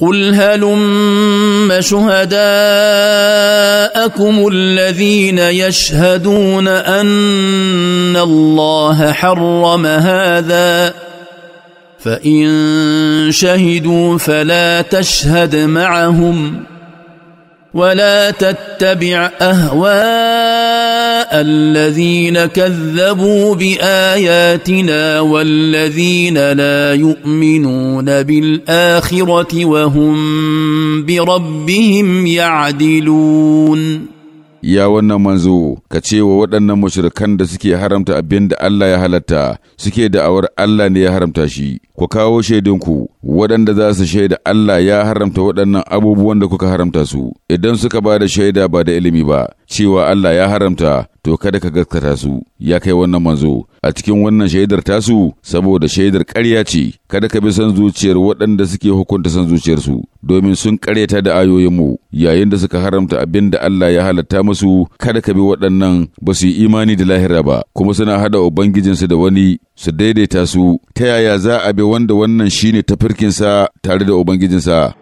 قل هلم شهداءكم الذين يشهدون ان الله حرم هذا فان شهدوا فلا تشهد معهم ولا تتبع اهواءهم الذين كذبوا باياتنا والذين na يؤمنون بالاخره وهم بربهم يعدلون ya wannan manzo ka ce wa waɗannan mashirikan da suke haramta abinda Allah ya halatta suke da'awar Allah ne ya haramta shi ku kawo shaidunku waɗanda za su shaida Allah ya haramta waɗannan abubuwan da kuka haramta su idan suka ba da shaida ba da ilimi ba cewa Allah ya haramta to kada ka gaskata su ya kai wannan manzo a cikin wannan shaidar tasu saboda shaidar ƙarya ce kada ka bi san zuciyar waɗanda suke hukunta san su. domin sun ƙaryata da ayoyinmu yayin da suka haramta abin da Allah ya halatta musu kada ka bi waɗannan ba su yi imani da lahira ba kuma suna hada ubangijinsu da wani su daidaita su ta yaya za a bi wanda wannan shine tafirkinsa tare da ubangijinsa